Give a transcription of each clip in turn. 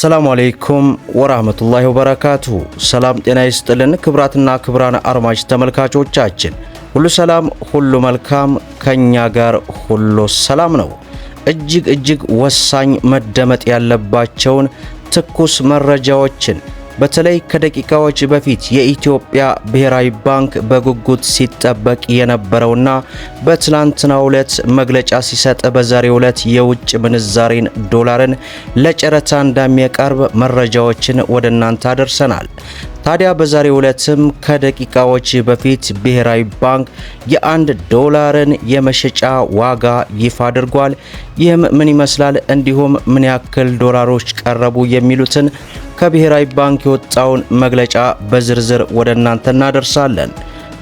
ሰላም አሌይኩም ወራህመቱላሂ ወበረካቱሁ። ሰላም ጤና ይስጥልን ክብራትና ክብራን አርማጅ ተመልካቾቻችን ሁሉ ሰላም ሁሉ መልካም፣ ከኛ ጋር ሁሉ ሰላም ነው። እጅግ እጅግ ወሳኝ መደመጥ ያለባቸውን ትኩስ መረጃዎችን በተለይ ከደቂቃዎች በፊት የኢትዮጵያ ብሔራዊ ባንክ በጉጉት ሲጠበቅ የነበረውና በትላንትና ዕለት መግለጫ ሲሰጥ በዛሬ ዕለት የውጭ ምንዛሬን ዶላርን ለጨረታ እንደሚያቀርብ መረጃዎችን ወደ እናንተ አደርሰናል። ታዲያ በዛሬ ዕለትም ከደቂቃዎች በፊት ብሔራዊ ባንክ የአንድ ዶላርን የመሸጫ ዋጋ ይፋ አድርጓል። ይህም ምን ይመስላል፣ እንዲሁም ምን ያክል ዶላሮች ቀረቡ የሚሉትን ከብሔራዊ ባንክ የወጣውን መግለጫ በዝርዝር ወደ እናንተ እናደርሳለን።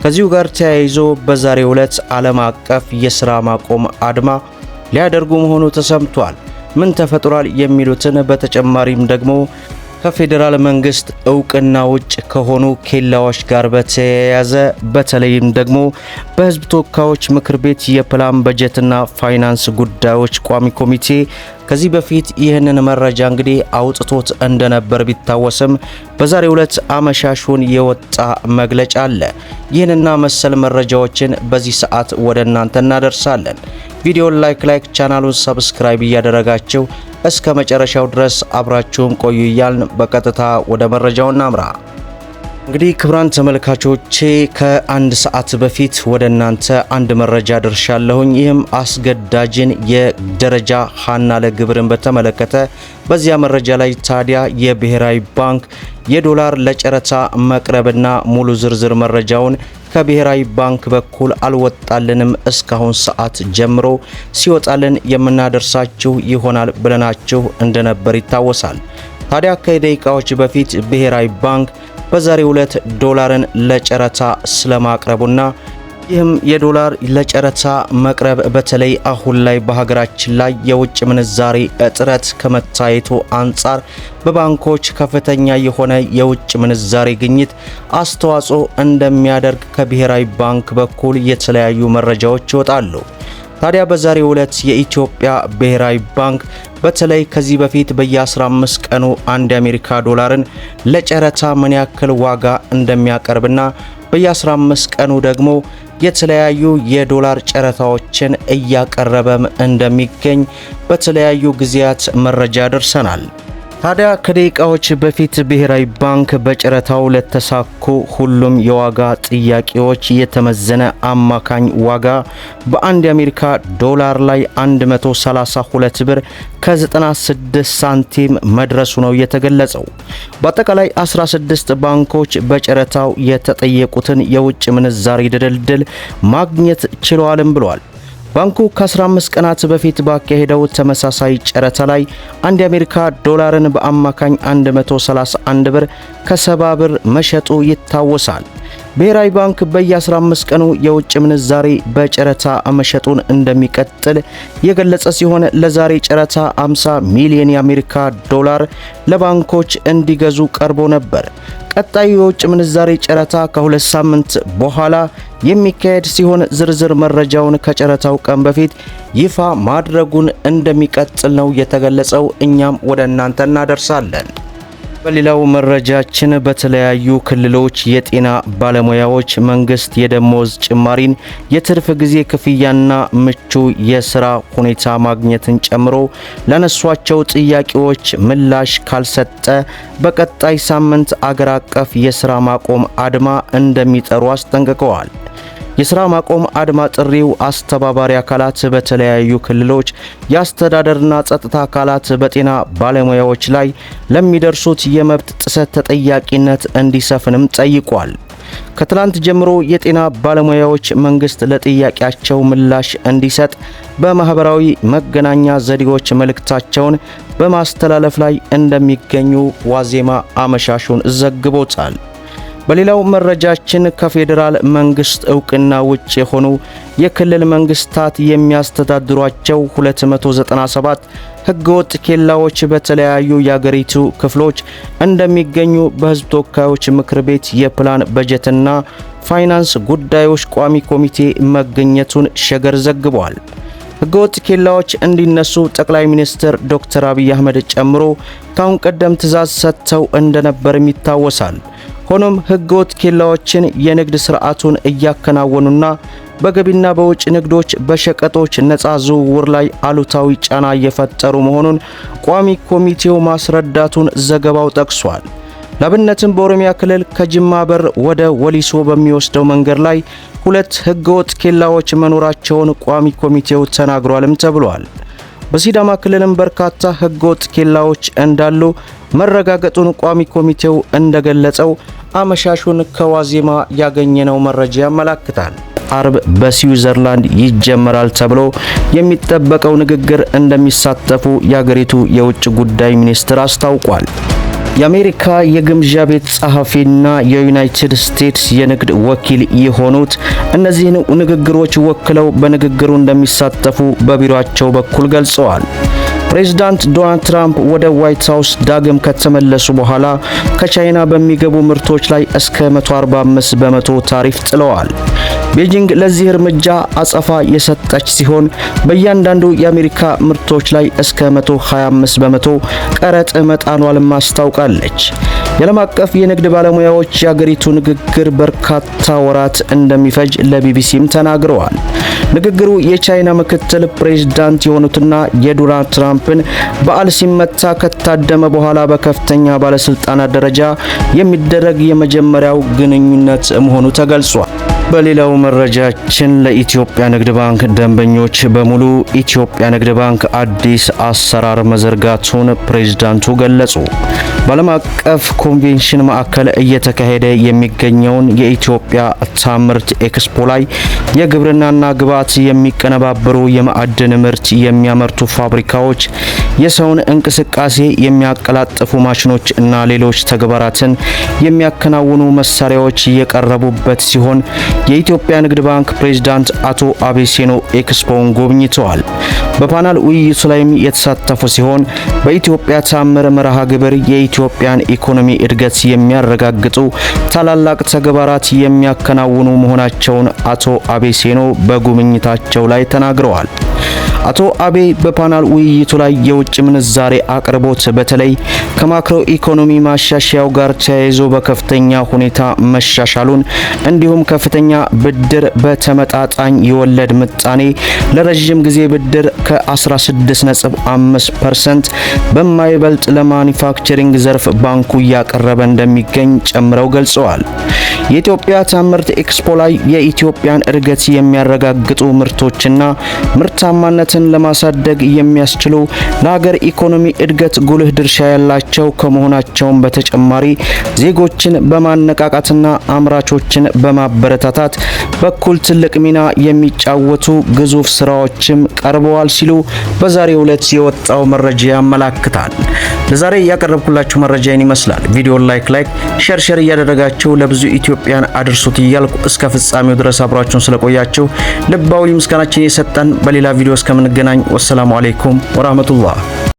ከዚሁ ጋር ተያይዞ በዛሬ ዕለት ዓለም አቀፍ የሥራ ማቆም አድማ ሊያደርጉ መሆኑ ተሰምቷል። ምን ተፈጥሯል የሚሉትን በተጨማሪም ደግሞ ከፌዴራል መንግስት እውቅና ውጭ ከሆኑ ኬላዎች ጋር በተያያዘ በተለይም ደግሞ በህዝብ ተወካዮች ምክር ቤት የፕላን በጀትና ፋይናንስ ጉዳዮች ቋሚ ኮሚቴ ከዚህ በፊት ይህንን መረጃ እንግዲህ አውጥቶት እንደነበር ቢታወስም በዛሬ ዕለት አመሻሹን የወጣ መግለጫ አለ። ይህንና መሰል መረጃዎችን በዚህ ሰዓት ወደ እናንተ እናደርሳለን። ቪዲዮን ላይክ ላይክ ቻናሉን ሰብስክራይብ እያደረጋችሁ እስከ መጨረሻው ድረስ አብራችሁን ቆዩ እያልን በቀጥታ ወደ መረጃው እናምራ። እንግዲህ ክብራን ተመልካቾቼ ከአንድ ሰዓት በፊት ወደ እናንተ አንድ መረጃ ደርሻለሁኝ። ይህም አስገዳጅን የደረጃ ሀና ለግብርን በተመለከተ በዚያ መረጃ ላይ ታዲያ የብሔራዊ ባንክ የዶላር ለጨረታ መቅረብና ሙሉ ዝርዝር መረጃውን ከብሔራዊ ባንክ በኩል አልወጣልንም እስካሁን ሰዓት ጀምሮ ሲወጣልን የምናደርሳችሁ ይሆናል ብለናችሁ እንደነበር ይታወሳል። ታዲያ ከደቂቃዎች በፊት ብሔራዊ ባንክ በዛሬው ዕለት ዶላርን ለጨረታ ስለማቅረቡና ይህም የዶላር ለጨረታ መቅረብ በተለይ አሁን ላይ በሀገራችን ላይ የውጭ ምንዛሬ እጥረት ከመታየቱ አንጻር በባንኮች ከፍተኛ የሆነ የውጭ ምንዛሬ ግኝት አስተዋጽኦ እንደሚያደርግ ከብሔራዊ ባንክ በኩል የተለያዩ መረጃዎች ይወጣሉ። ታዲያ በዛሬው ዕለት የኢትዮጵያ ብሔራዊ ባንክ በተለይ ከዚህ በፊት በየ15 ቀኑ አንድ የአሜሪካ ዶላርን ለጨረታ ምን ያክል ዋጋ እንደሚያቀርብና በየ15 ቀኑ ደግሞ የተለያዩ የዶላር ጨረታዎችን እያቀረበም እንደሚገኝ በተለያዩ ጊዜያት መረጃ ደርሰናል። ታዲያ ከደቂቃዎች በፊት ብሔራዊ ባንክ በጨረታው ለተሳኩ ሁሉም የዋጋ ጥያቄዎች የተመዘነ አማካኝ ዋጋ በአንድ የአሜሪካ ዶላር ላይ 132 ብር ከ96 ሳንቲም መድረሱ ነው የተገለጸው። በአጠቃላይ 16 ባንኮች በጨረታው የተጠየቁትን የውጭ ምንዛሪ ድልድል ማግኘት ችለዋልም ብሏል። ባንኩ ከ15 ቀናት በፊት ባካሄደው ተመሳሳይ ጨረታ ላይ አንድ የአሜሪካ ዶላርን በአማካኝ 131 ብር ከ70 ብር መሸጡ ይታወሳል። ብሔራዊ ባንክ በየ15 ቀኑ የውጭ ምንዛሬ በጨረታ መሸጡን እንደሚቀጥል የገለጸ ሲሆን ለዛሬ ጨረታ 50 ሚሊዮን የአሜሪካ ዶላር ለባንኮች እንዲገዙ ቀርቦ ነበር። ቀጣዩ የውጭ ምንዛሬ ጨረታ ከሁለት ሳምንት በኋላ የሚካሄድ ሲሆን ዝርዝር መረጃውን ከጨረታው ቀን በፊት ይፋ ማድረጉን እንደሚቀጥል ነው የተገለጸው። እኛም ወደ እናንተ እናደርሳለን። በሌላው መረጃችን በተለያዩ ክልሎች የጤና ባለሙያዎች መንግስት የደሞዝ ጭማሪን፣ የትርፍ ጊዜ ክፍያና ምቹ የስራ ሁኔታ ማግኘትን ጨምሮ ለነሷቸው ጥያቄዎች ምላሽ ካልሰጠ በቀጣይ ሳምንት አገር አቀፍ የስራ ማቆም አድማ እንደሚጠሩ አስጠንቅቀዋል። የስራ ማቆም አድማ ጥሪው አስተባባሪ አካላት በተለያዩ ክልሎች የአስተዳደርና ጸጥታ አካላት በጤና ባለሙያዎች ላይ ለሚደርሱት የመብት ጥሰት ተጠያቂነት እንዲሰፍንም ጠይቋል። ከትላንት ጀምሮ የጤና ባለሙያዎች መንግስት ለጥያቄያቸው ምላሽ እንዲሰጥ በማህበራዊ መገናኛ ዘዴዎች መልእክታቸውን በማስተላለፍ ላይ እንደሚገኙ ዋዜማ አመሻሹን ዘግቦታል። በሌላው መረጃችን ከፌዴራል መንግስት እውቅና ውጭ የሆኑ የክልል መንግስታት የሚያስተዳድሯቸው 297 ህገወጥ ኬላዎች በተለያዩ የአገሪቱ ክፍሎች እንደሚገኙ በህዝብ ተወካዮች ምክር ቤት የፕላን በጀትና ፋይናንስ ጉዳዮች ቋሚ ኮሚቴ መገኘቱን ሸገር ዘግቧል። ህገወጥ ኬላዎች እንዲነሱ ጠቅላይ ሚኒስትር ዶክተር አብይ አህመድ ጨምሮ ካሁን ቀደም ትእዛዝ ሰጥተው እንደነበርም ይታወሳል። ሆኖም ህገወጥ ኬላዎችን የንግድ ስርዓቱን እያከናወኑና በገቢና በውጭ ንግዶች በሸቀጦች ነፃ ዝውውር ላይ አሉታዊ ጫና እየፈጠሩ መሆኑን ቋሚ ኮሚቴው ማስረዳቱን ዘገባው ጠቅሷል። ላብነትም በኦሮሚያ ክልል ከጅማ በር ወደ ወሊሶ በሚወስደው መንገድ ላይ ሁለት ህገወጥ ኬላዎች መኖራቸውን ቋሚ ኮሚቴው ተናግሯልም ተብሏል። በሲዳማ ክልልም በርካታ ህገወጥ ኬላዎች እንዳሉ መረጋገጡን ቋሚ ኮሚቴው እንደገለጸው አመሻሹን ከዋዜማ ያገኘነው መረጃ ያመላክታል። አርብ በስዊዘርላንድ ይጀመራል ተብሎ የሚጠበቀው ንግግር እንደሚሳተፉ የአገሪቱ የውጭ ጉዳይ ሚኒስትር አስታውቋል። የአሜሪካ የግምዣ ቤት ጸሐፊና የዩናይትድ ስቴትስ የንግድ ወኪል የሆኑት እነዚህን ንግግሮች ወክለው በንግግሩ እንደሚሳተፉ በቢሮአቸው በኩል ገልጸዋል። ፕሬዚዳንት ዶናልድ ትራምፕ ወደ ዋይት ሀውስ ዳግም ከተመለሱ በኋላ ከቻይና በሚገቡ ምርቶች ላይ እስከ 145 በመቶ ታሪፍ ጥለዋል። ቤጂንግ ለዚህ እርምጃ አጸፋ የሰጠች ሲሆን በእያንዳንዱ የአሜሪካ ምርቶች ላይ እስከ 125 በመቶ ቀረጥ መጣኗልም አስታውቃለች። የዓለም አቀፍ የንግድ ባለሙያዎች የአገሪቱ ንግግር በርካታ ወራት እንደሚፈጅ ለቢቢሲም ተናግረዋል። ንግግሩ የቻይና ምክትል ፕሬዝዳንት የሆኑትና የዶናልድ ትራምፕን በዓል ሲመታ ከታደመ በኋላ በከፍተኛ ባለስልጣናት ደረጃ የሚደረግ የመጀመሪያው ግንኙነት መሆኑ ተገልጿል። በሌላው መረጃችን ለኢትዮጵያ ንግድ ባንክ ደንበኞች በሙሉ ኢትዮጵያ ንግድ ባንክ አዲስ አሰራር መዘርጋቱን ፕሬዝዳንቱ ገለጹ። በዓለም አቀፍ ኮንቬንሽን ማዕከል እየተካሄደ የሚገኘውን የኢትዮጵያ ታምርት ኤክስፖ ላይ የግብርናና ግብዓት የሚቀነባበሩ የማዕድን ምርት የሚያመርቱ ፋብሪካዎች የሰውን እንቅስቃሴ የሚያቀላጥፉ ማሽኖች እና ሌሎች ተግባራትን የሚያከናውኑ መሳሪያዎች የቀረቡበት ሲሆን የኢትዮጵያ ንግድ ባንክ ፕሬዝዳንት አቶ አቤሴኖ ኤክስፖውን ጎብኝተዋል። በፓናል ውይይቱ ላይም የተሳተፉ ሲሆን በኢትዮጵያ ታምር መርሃ ግብር የኢትዮጵያን ኢኮኖሚ እድገት የሚያረጋግጡ ታላላቅ ተግባራት የሚያከናውኑ መሆናቸውን አቶ አቤሴኖ በጉብኝታቸው ላይ ተናግረዋል። አቶ አቤ በፓናል ውይይቱ ላይ የውጭ ምንዛሬ አቅርቦት በተለይ ከማክሮ ኢኮኖሚ ማሻሻያው ጋር ተያይዞ በከፍተኛ ሁኔታ መሻሻሉን እንዲሁም ከፍተኛ ብድር በተመጣጣኝ የወለድ ምጣኔ ለረዥም ጊዜ ብድር ከ16.5 ፐርሰንት በማይበልጥ ለማኒፋክቸሪንግ ዘርፍ ባንኩ እያቀረበ እንደሚገኝ ጨምረው ገልጸዋል። የኢትዮጵያ ታምርት ኤክስፖ ላይ የኢትዮጵያን እድገት የሚያረጋግጡ ምርቶችና ምርታማነትን ለማሳደግ የሚያስችሉ ለሀገር ኢኮኖሚ እድገት ጉልህ ድርሻ ያላቸው ከመሆናቸውም በተጨማሪ ዜጎችን በማነቃቃትና አምራቾችን በማበረታታት በኩል ትልቅ ሚና የሚጫወቱ ግዙፍ ስራዎችም ቀርበዋል ሲሉ በዛሬው ዕለት የወጣው መረጃ ያመላክታል። ለዛሬ ያቀረብኩላችሁ መረጃ ይህን ይመስላል። ቪዲዮን ላይክ ላይክ ሼር ሼር እያደረጋችሁ ለብዙ ኢትዮጵያን አድርሱት እያልኩ እስከ ፍጻሜው ድረስ አብራችሁን ስለቆያችሁ ልባዊ ምስጋናችን የሰጠን። በሌላ ቪዲዮ እስከምንገናኝ ወሰላሙ አሌይኩም ወራህመቱላህ